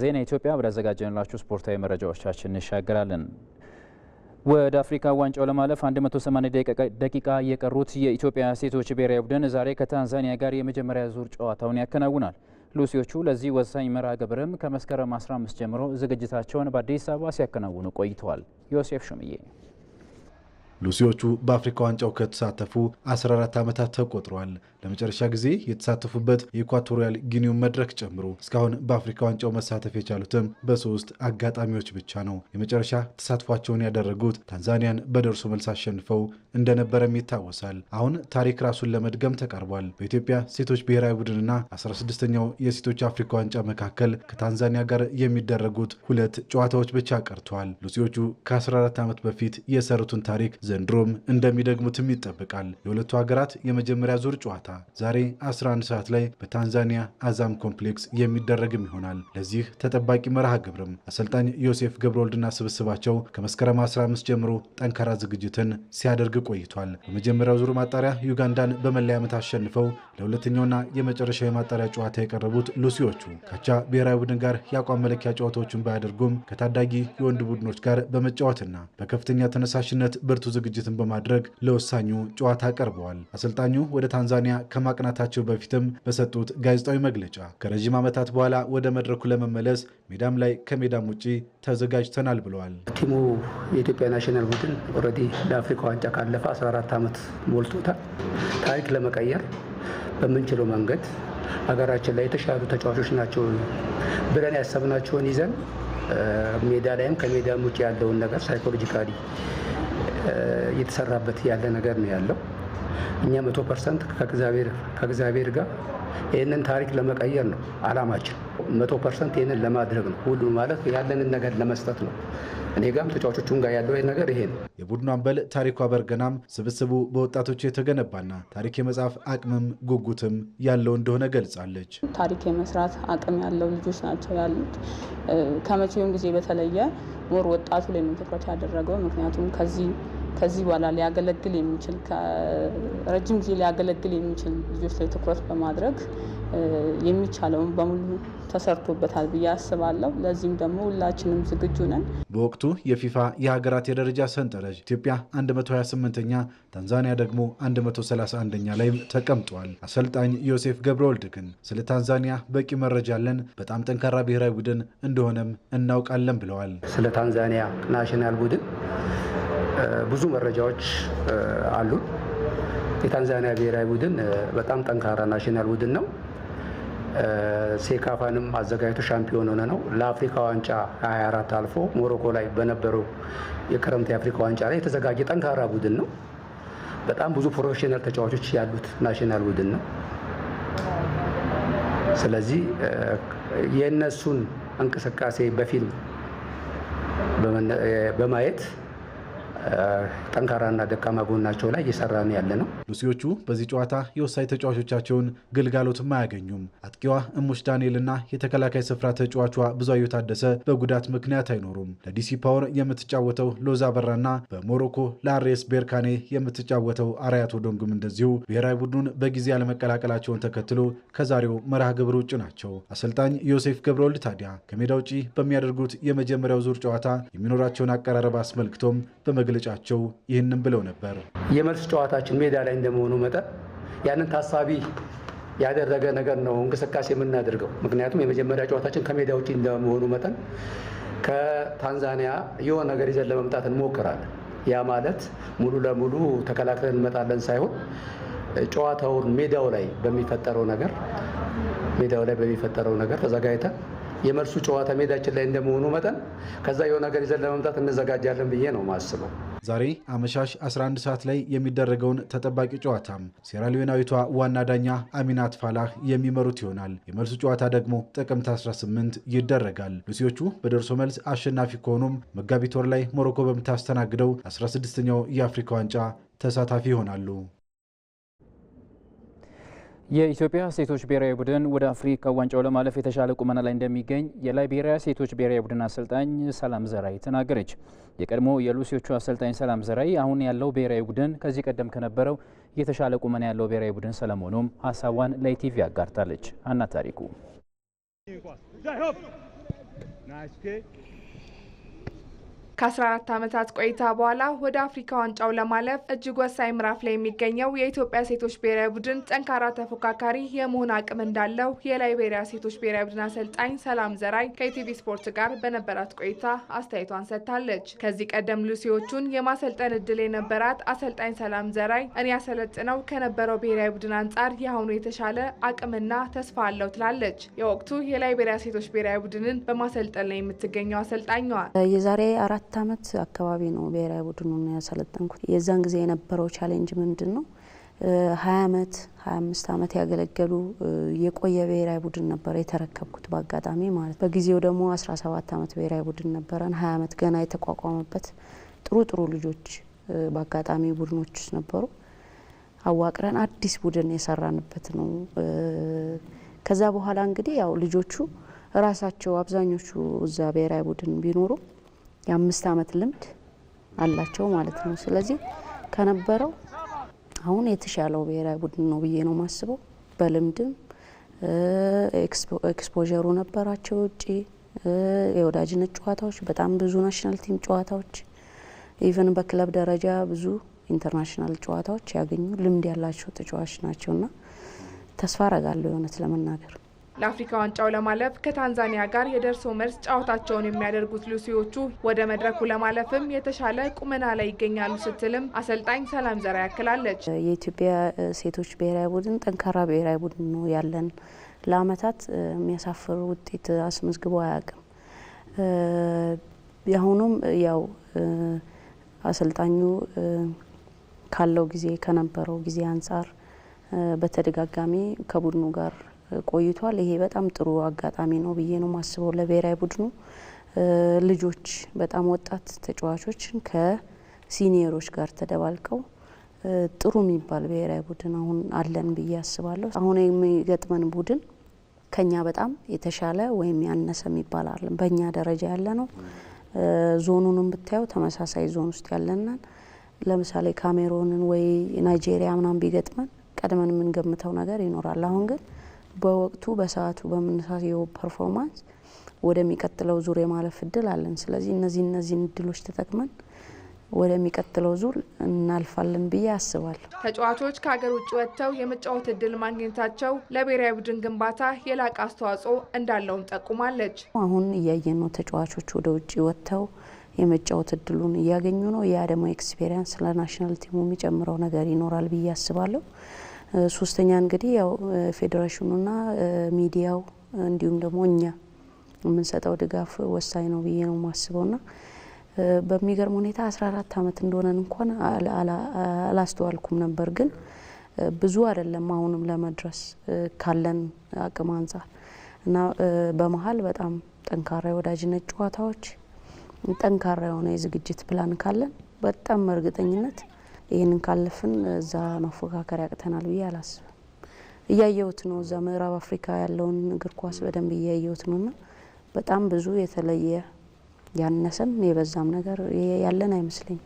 ዜና ኢትዮጵያ ወዳዘጋጀንላችሁ ስፖርታዊ መረጃዎቻችን እንሻገራለን። ወደ አፍሪካ ዋንጫው ለማለፍ 180 ደቂቃ የቀሩት የኢትዮጵያ ሴቶች ብሔራዊ ቡድን ዛሬ ከታንዛኒያ ጋር የመጀመሪያ ዙር ጨዋታውን ያከናውናል። ሉሲዎቹ ለዚህ ወሳኝ መርሃ ግብርም ከመስከረም 15 ጀምሮ ዝግጅታቸውን በአዲስ አበባ ሲያከናውኑ ቆይተዋል። ዮሴፍ ሹምዬ ሉሲዎቹ በአፍሪካ ዋንጫው ከተሳተፉ 14 ዓመታት ተቆጥረዋል። ለመጨረሻ ጊዜ የተሳተፉበት የኢኳቶሪያል ጊኒውን መድረክ ጨምሮ እስካሁን በአፍሪካ ዋንጫው መሳተፍ የቻሉትም በሶስት አጋጣሚዎች ብቻ ነው። የመጨረሻ ተሳትፏቸውን ያደረጉት ታንዛኒያን በደርሶ መልስ አሸንፈው እንደነበረም ይታወሳል። አሁን ታሪክ ራሱን ለመድገም ተቃርቧል። በኢትዮጵያ ሴቶች ብሔራዊ ቡድንና 16ኛው የሴቶች አፍሪካ ዋንጫ መካከል ከታንዛኒያ ጋር የሚደረጉት ሁለት ጨዋታዎች ብቻ ቀርተዋል። ሉሲዎቹ ከ14 ዓመት በፊት የሰሩትን ታሪክ ዘንድሮም እንደሚደግሙትም ይጠበቃል። የሁለቱ ሀገራት የመጀመሪያ ዙር ጨዋታ ዛሬ 11 ሰዓት ላይ በታንዛኒያ አዛም ኮምፕሌክስ የሚደረግም ይሆናል። ለዚህ ተጠባቂ መርሃ ግብርም አሰልጣኝ ዮሴፍ ገብረወልድና ስብስባቸው ከመስከረም 15 ጀምሮ ጠንካራ ዝግጅትን ሲያደርግ ቆይቷል። በመጀመሪያው ዙር ማጣሪያ ዩጋንዳን በመለያ ዓመት አሸንፈው ለሁለተኛውና የመጨረሻ የማጣሪያ ጨዋታ የቀረቡት ሉሲዎቹ ካቻ ብሔራዊ ቡድን ጋር የአቋም መለኪያ ጨዋታዎችን ባያደርጉም ከታዳጊ የወንድ ቡድኖች ጋር በመጫወትና በከፍተኛ ተነሳሽነት ብርቱ ዝግጅትን በማድረግ ለወሳኙ ጨዋታ ቀርበዋል። አሰልጣኙ ወደ ታንዛኒያ ከማቅናታቸው በፊትም በሰጡት ጋዜጣዊ መግለጫ ከረዥም ዓመታት በኋላ ወደ መድረኩ ለመመለስ ሜዳም ላይ ከሜዳም ውጪ ተዘጋጅተናል ብለዋል። ቲሙ የኢትዮጵያ ናሽናል ቡድን ኦልሬዲ ለአፍሪካ ዋንጫ ካለፈ 14 ዓመት ሞልቶታል። ታሪክ ለመቀየር በምንችለው መንገድ ሀገራችን ላይ የተሻሉ ተጫዋቾች ናቸው ብለን ያሰብናቸውን ይዘን ሜዳ ላይም ከሜዳም ውጭ ያለውን ነገር ሳይኮሎጂካሊ እየተሰራበት ያለ ነገር ነው ያለው። እኛ መቶ ፐርሰንት ከእግዚአብሔር ጋር ይህንን ታሪክ ለመቀየር ነው አላማችን። መቶ ፐርሰንት ይህንን ለማድረግ ነው። ሁሉ ማለት ያለንን ነገር ለመስጠት ነው። እኔ ጋም ተጫዋቾቹም ጋር ያለው ነገር ይሄ ነው። የቡድኑ አምበል ታሪኩ አበርገናም ስብስቡ በወጣቶች የተገነባና ታሪክ የመጻፍ አቅምም ጉጉትም ያለው እንደሆነ ገልጻለች። ታሪክ የመስራት አቅም ያለው ልጆች ናቸው ያሉት ከመቼውም ጊዜ በተለየ ሞር ወጣቱ ላይ ነው ትኩረት ያደረገው ምክንያቱም ከዚህ ከዚህ በኋላ ሊያገለግል የሚችል ረጅም ጊዜ ሊያገለግል የሚችል ልጆች ላይ ትኩረት በማድረግ የሚቻለውን በሙሉ ተሰርቶበታል ብዬ አስባለሁ። ለዚህም ደግሞ ሁላችንም ዝግጁ ነን። በወቅቱ የፊፋ የሀገራት የደረጃ ሰንጠረዥ ኢትዮጵያ 128ኛ፣ ታንዛኒያ ደግሞ 131ኛ ላይ ተቀምጧል። አሰልጣኝ ዮሴፍ ገብረ ወልድ ግን ስለ ታንዛኒያ በቂ መረጃ አለን፣ በጣም ጠንካራ ብሔራዊ ቡድን እንደሆነም እናውቃለን ብለዋል። ስለ ታንዛኒያ ናሽናል ቡድን ብዙ መረጃዎች አሉ። የታንዛኒያ ብሔራዊ ቡድን በጣም ጠንካራ ናሽናል ቡድን ነው። ሴካፋንም አዘጋጅቶ ሻምፒዮን ሆነ ነው። ለአፍሪካ ዋንጫ 24 አልፎ ሞሮኮ ላይ በነበረው የክረምት የአፍሪካ ዋንጫ ላይ የተዘጋጀ ጠንካራ ቡድን ነው። በጣም ብዙ ፕሮፌሽናል ተጫዋቾች ያሉት ናሽናል ቡድን ነው። ስለዚህ የእነሱን እንቅስቃሴ በፊልም በማየት ጠንካራና ደካማ ጎናቸው ላይ ነው ያለ ነው። ሉሲዎቹ በዚህ ጨዋታ የወሳኝ ተጫዋቾቻቸውን ግልጋሎትም አያገኙም። አጥቂዋ እሙሽ ዳንኤልና የተከላካይ ስፍራ ተጫዋቿ ብዙአየሁ ታደሰ በጉዳት ምክንያት አይኖሩም። ለዲሲ ፓወር የምትጫወተው ሎዛ በራና በሞሮኮ ለአሬስ ቤርካኔ የምትጫወተው አርያቶ ዶንግም እንደዚሁ ብሔራዊ ቡድኑን በጊዜ አለመቀላቀላቸውን ተከትሎ ከዛሬው መርሃ ግብር ውጭ ናቸው። አሰልጣኝ ዮሴፍ ገብረወልድ ታዲያ ከሜዳ ውጪ በሚያደርጉት የመጀመሪያው ዙር ጨዋታ የሚኖራቸውን አቀራረብ አስመልክቶም በመ መግለጫቸው ይህንን ብለው ነበር። የመልስ ጨዋታችን ሜዳ ላይ እንደመሆኑ መጠን ያንን ታሳቢ ያደረገ ነገር ነው እንቅስቃሴ የምናደርገው። ምክንያቱም የመጀመሪያ ጨዋታችን ከሜዳ ውጭ እንደመሆኑ መጠን ከታንዛኒያ የሆነ ነገር ይዘን ለመምጣት እንሞክራለን። ያ ማለት ሙሉ ለሙሉ ተከላክለን እንመጣለን ሳይሆን ጨዋታውን ሜዳው ላይ በሚፈጠረው ነገር ሜዳው ላይ በሚፈጠረው ነገር ተዘጋጅተን የመልሱ ጨዋታ ሜዳችን ላይ እንደመሆኑ መጠን ከዛ የሆነ ነገር ይዘን ለመምጣት እንዘጋጃለን ብዬ ነው የማስበው። ዛሬ አመሻሽ 11 ሰዓት ላይ የሚደረገውን ተጠባቂ ጨዋታ ሴራሊዮናዊቷ ዋና ዳኛ አሚናት ፋላህ የሚመሩት ይሆናል። የመልሱ ጨዋታ ደግሞ ጥቅምት 18 ይደረጋል። ሉሲዎቹ በደርሶ መልስ አሸናፊ ከሆኑም መጋቢት ወር ላይ ሞሮኮ በምታስተናግደው 16ኛው የአፍሪካ ዋንጫ ተሳታፊ ይሆናሉ። የኢትዮጵያ ሴቶች ብሔራዊ ቡድን ወደ አፍሪካ ዋንጫው ለማለፍ የተሻለ ቁመና ላይ እንደሚገኝ የላይቤሪያ ሴቶች ብሔራዊ ቡድን አሰልጣኝ ሰላም ዘራይ ተናገረች። የቀድሞ የሉሲዎቹ አሰልጣኝ ሰላም ዘራይ አሁን ያለው ብሔራዊ ቡድን ከዚህ ቀደም ከነበረው የተሻለ ቁመና ያለው ብሔራዊ ቡድን ስለመሆኑም ሀሳቧን ለኢቲቪ አጋርታለች። አና ታሪኩ ከ14 ዓመታት ቆይታ በኋላ ወደ አፍሪካ ዋንጫው ለማለፍ እጅግ ወሳኝ ምዕራፍ ላይ የሚገኘው የኢትዮጵያ ሴቶች ብሔራዊ ቡድን ጠንካራ ተፎካካሪ የመሆን አቅም እንዳለው የላይቤሪያ ሴቶች ብሔራዊ ቡድን አሰልጣኝ ሰላም ዘራይ ከኢቲቪ ስፖርት ጋር በነበራት ቆይታ አስተያየቷን ሰጥታለች። ከዚህ ቀደም ሉሲዎቹን የማሰልጠን እድል የነበራት አሰልጣኝ ሰላም ዘራይ እኔ ያሰለጥነው ከነበረው ብሔራዊ ቡድን አንጻር የአሁኑ የተሻለ አቅምና ተስፋ አለው ትላለች። የወቅቱ የላይቤሪያ ሴቶች ብሔራዊ ቡድንን በማሰልጠን ላይ የምትገኘው አሰልጣኟ የዛሬ አራት አራት አመት አካባቢ ነው ብሔራዊ ቡድኑን ያሰለጠንኩት። የዛን ጊዜ የነበረው ቻሌንጅ ምንድን ነው? ሀያ አመት ሀያ አምስት አመት ያገለገሉ የቆየ ብሔራዊ ቡድን ነበረ የተረከብኩት በአጋጣሚ ማለት በጊዜው ደግሞ አስራ ሰባት አመት ብሔራዊ ቡድን ነበረን። ሀያ አመት ገና የተቋቋመበት ጥሩ ጥሩ ልጆች በአጋጣሚ ቡድኖች ነበሩ አዋቅረን አዲስ ቡድን የሰራንበት ነው። ከዛ በኋላ እንግዲህ ያው ልጆቹ ራሳቸው አብዛኞቹ እዛ ብሔራዊ ቡድን ቢኖሩም። የአምስት ዓመት ልምድ አላቸው ማለት ነው። ስለዚህ ከነበረው አሁን የተሻለው ብሔራዊ ቡድን ነው ብዬ ነው ማስበው። በልምድም ኤክስፖዠሩ ነበራቸው ውጪ የወዳጅነት ጨዋታዎች በጣም ብዙ ናሽናል ቲም ጨዋታዎች ኢቨን በክለብ ደረጃ ብዙ ኢንተርናሽናል ጨዋታዎች ያገኙ ልምድ ያላቸው ተጫዋች ናቸውና ተስፋ አረጋለሁ የእውነት ለመናገር ለአፍሪካ ዋንጫው ለማለፍ ከታንዛኒያ ጋር የደርሶ መልስ ጨዋታቸውን የሚያደርጉት ሉሲዎቹ ወደ መድረኩ ለማለፍም የተሻለ ቁመና ላይ ይገኛሉ ስትልም አሰልጣኝ ሰላም ዘራ ያክላለች። የኢትዮጵያ ሴቶች ብሔራዊ ቡድን ጠንካራ ብሔራዊ ቡድን ነው ያለን። ለአመታት የሚያሳፍር ውጤት አስመዝግቦ አያውቅም። የአሁኑም ያው አሰልጣኙ ካለው ጊዜ ከነበረው ጊዜ አንጻር በተደጋጋሚ ከቡድኑ ጋር ቆይቷል። ይሄ በጣም ጥሩ አጋጣሚ ነው ብዬ ነው ማስበው ለብሔራዊ ቡድኑ ልጆች በጣም ወጣት ተጫዋቾችን ከሲኒየሮች ጋር ተደባልቀው ጥሩ የሚባል ብሔራዊ ቡድን አሁን አለን ብዬ አስባለሁ። አሁን የሚገጥመን ቡድን ከኛ በጣም የተሻለ ወይም ያነሰ የሚባል አለን በእኛ ደረጃ ያለ ነው። ዞኑንም ብታየው ተመሳሳይ ዞን ውስጥ ያለናል። ለምሳሌ ካሜሮንን ወይ ናይጄሪያ ምናምን ቢገጥመን ቀድመን የምንገምተው ነገር ይኖራል። አሁን ግን በወቅቱ በሰዓቱ በምንሳሴው ፐርፎርማንስ ወደሚቀጥለው ዙር የማለፍ እድል አለን። ስለዚህ እነዚህ እነዚህን እድሎች ተጠቅመን ወደሚቀጥለው ዙር እናልፋለን ብዬ አስባለሁ። ተጫዋቾች ከሀገር ውጭ ወጥተው የመጫወት እድል ማግኘታቸው ለብሔራዊ ቡድን ግንባታ የላቀ አስተዋጽኦ እንዳለውም ጠቁማለች። አሁን እያየ ነው፣ ተጫዋቾች ወደ ውጭ ወጥተው የመጫወት እድሉን እያገኙ ነው። ያ ደግሞ ኤክስፔሪንስ ለናሽናል ቲሙ የሚጨምረው ነገር ይኖራል ብዬ አስባለሁ። ሶስተኛ እንግዲህ ያው ፌዴሬሽኑና ሚዲያው እንዲሁም ደግሞ እኛ የምንሰጠው ድጋፍ ወሳኝ ነው ብዬ ነው የማስበው ና በሚገርም ሁኔታ አስራ አራት አመት እንደሆነን እንኳን አላስተዋልኩም ነበር። ግን ብዙ አይደለም አሁንም ለመድረስ ካለን አቅም አንጻር እና በመሀል በጣም ጠንካራ የወዳጅነት ጨዋታዎች፣ ጠንካራ የሆነ የዝግጅት ፕላን ካለን በጣም እርግጠኝነት ይህንን ካለፍን እዛ መፎካከር ያቅተናል ብዬ አላስብም። እያየሁት ነው፣ እዛ ምዕራብ አፍሪካ ያለውን እግር ኳስ በደንብ እያየሁት ነው እና በጣም ብዙ የተለየ ያነሰም የበዛም ነገር ያለን አይመስለኝም።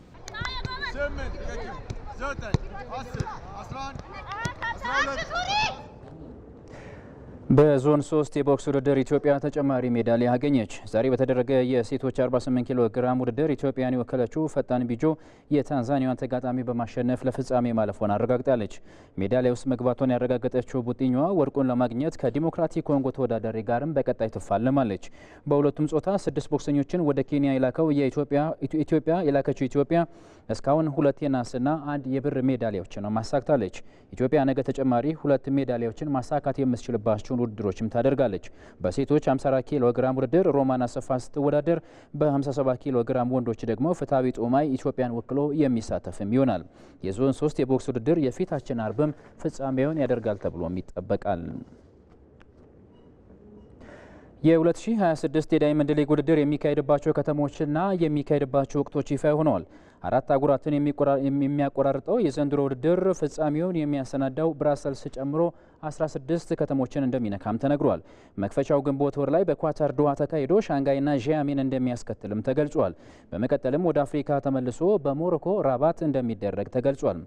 በዞን ሶስት የቦክስ ውድድር ኢትዮጵያ ተጨማሪ ሜዳሊያ አገኘች። ዛሬ በተደረገ የሴቶች 48 ኪሎ ግራም ውድድር ኢትዮጵያን የወከለችው ፈጣን ቢጆ የታንዛኒያን ተጋጣሚ በማሸነፍ ለፍጻሜ ማለፏን አረጋግጣለች። ሜዳሊያ ውስጥ መግባቷን ያረጋገጠችው ቡጢኛዋ ወርቁን ለማግኘት ከዲሞክራቲክ ኮንጎ ተወዳዳሪ ጋርም በቀጣይ ትፋለማለች። በሁለቱም ጾታ ስድስት ቦክሰኞችን ወደ ኬንያ የላከው ኢትዮጵያ የላከችው ኢትዮጵያ እስካሁን ሁለት የናስና አንድ የብር ሜዳሊያዎችን ማሳክታለች። ኢትዮጵያ ነገ ተጨማሪ ሁለት ሜዳሊያዎችን ማሳካት የምትችልባቸው የማራቶን ውድድሮችም ታደርጋለች። በሴቶች 54 ኪሎ ግራም ውድድር ሮማን አሰፋ ስትወዳደር፣ በ57 ኪሎ ግራም ወንዶች ደግሞ ፍትሐዊ ጦማይ ኢትዮጵያን ወክሎ የሚሳተፍም ይሆናል። የዞን 3 የቦክስ ውድድር የፊታችን አርብም ፍጻሜውን ያደርጋል ተብሎም ይጠበቃል። የ2026 የዳይመንድ ሊግ ውድድር የሚካሄድባቸው ከተሞችና የሚካሄድባቸው ወቅቶች ይፋ ሆነዋል። አራት አጉራትን የሚያቆራርጠው የዘንድሮ ውድድር ፍጻሜውን የሚያሰናዳው ብራሰልስ ጨምሮ 16 ከተሞችን እንደሚነካም ተነግሯል። መክፈቻው ግንቦት ወር ላይ በኳታር ዱዋ ተካሂዶ ሻንጋይና ዣያሜን እንደሚያስከትልም ተገልጿል። በመቀጠልም ወደ አፍሪካ ተመልሶ በሞሮኮ ራባት እንደሚደረግ ተገልጿል።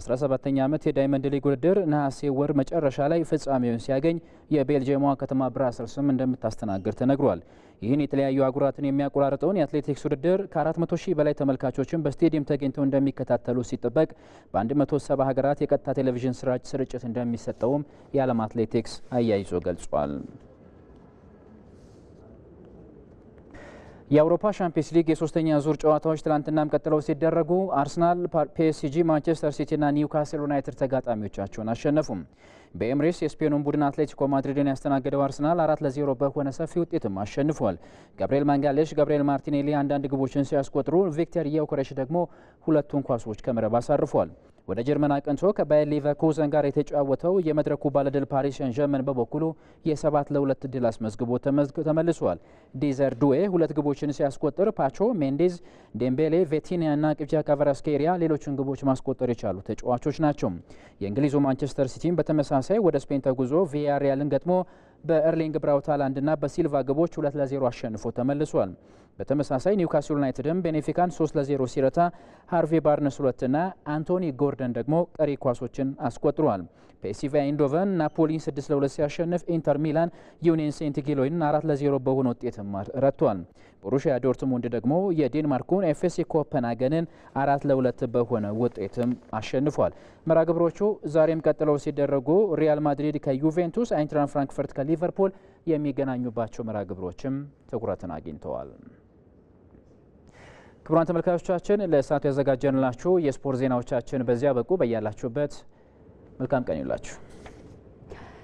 17ኛ ዓመት የዳይመንድ ሊግ ውድድር ነሐሴ ወር መጨረሻ ላይ ፍጻሜውን ሲያገኝ የቤልጅየሟ ከተማ ብራሰልስም እንደምታስተናግድ ተነግሯል። ይህን የተለያዩ አህጉራትን የሚያቆራርጠውን የአትሌቲክስ ውድድር ከ400 ሺህ በላይ ተመልካቾችን በስቴዲየም ተገኝተው እንደሚከታተሉ ሲጠበቅ በ170 ሀገራት የቀጥታ ቴሌቪዥን ስርጭት እንደሚሰጠውም የዓለም አትሌቲክስ አያይዞ ገልጿል። የአውሮፓ ሻምፒየንስ ሊግ የሶስተኛ ዙር ጨዋታዎች ትላንትናም ቀጥለው ሲደረጉ አርሰናል፣ ፒኤስጂ፣ ማንቸስተር ሲቲና ኒውካስል ዩናይትድ ተጋጣሚዎቻቸውን አሸነፉም። በኤምሬስ የስፔኑን ቡድን አትሌቲኮ ማድሪድን ያስተናገደው አርሰናል አራት ለዜሮ በሆነ ሰፊ ውጤትም አሸንፏል። ጋብሪኤል ማንጋሌሽ፣ ገብርኤል ማርቲኔሊ አንዳንድ ግቦችን ሲያስቆጥሩ ቪክተር ያውከረሽ ደግሞ ሁለቱን ኳሶች ከመረብ አሳርፏል። ወደ ጀርመን አቅንቶ ከባየር ሌቨርኩዘን ጋር የተጫወተው የመድረኩ ባለድል ፓሪስ ሰን ዠርመን በበኩሉ የሰባት ለሁለት ድል አስመዝግቦ ተመልሷል። ዴዘር ዱዌ ሁለት ግቦችን ሲያስቆጥር ፓቾ፣ ሜንዴዝ፣ ዴምቤሌ፣ ቬቲኒያ ና ቅብጃ ካቫራስኬሪያ ሌሎችን ግቦች ማስቆጠር የቻሉ ተጫዋቾች ናቸው። የእንግሊዙ ማንቸስተር ሲቲም በተመሳሳይ ወደ ስፔን ተጉዞ ቪያሪያልን ገጥሞ በኤርሊንግ ብራውት ሃላንድና በሲልቫ ግቦች 2 ለ0 አሸንፎ ተመልሷል። በተመሳሳይ ኒውካስል ዩናይትድም ቤኔፊካን 3 ለ0 ሲረታ ሃርቬ ባርነስ 2 ና አንቶኒ ጎርደን ደግሞ ቀሪ ኳሶችን አስቆጥሯል። ፒኤስቪ ኢንዶቨን ናፖሊን 6 ለ2 ሲያሸንፍ ኢንተር ሚላን ዩኒየን ሴንት ጊሎይን 4 ለ0 በሆነ ውጤትም ረቷል። ቦሩሺያ ዶርትሙንድ ደግሞ የዴንማርኩን ኤፍሲ ኮፐንሃገንን 4 ለ2 በሆነ ውጤትም አሸንፏል። መራግብሮቹ ዛሬም ቀጥለው ሲደረጉ ሪያል ማድሪድ ከዩቬንቱስ፣ አይንትራን ፍራንክፈርት ከሊ ሊቨርፑል የሚገናኙባቸው መርሃ ግብሮችም ትኩረትን አግኝተዋል። ክቡራን ተመልካቾቻችን ለሰዓቱ ያዘጋጀንላችሁ የስፖርት ዜናዎቻችን በዚያ በቁ። በያላችሁበት መልካም ቀን ይላችሁ።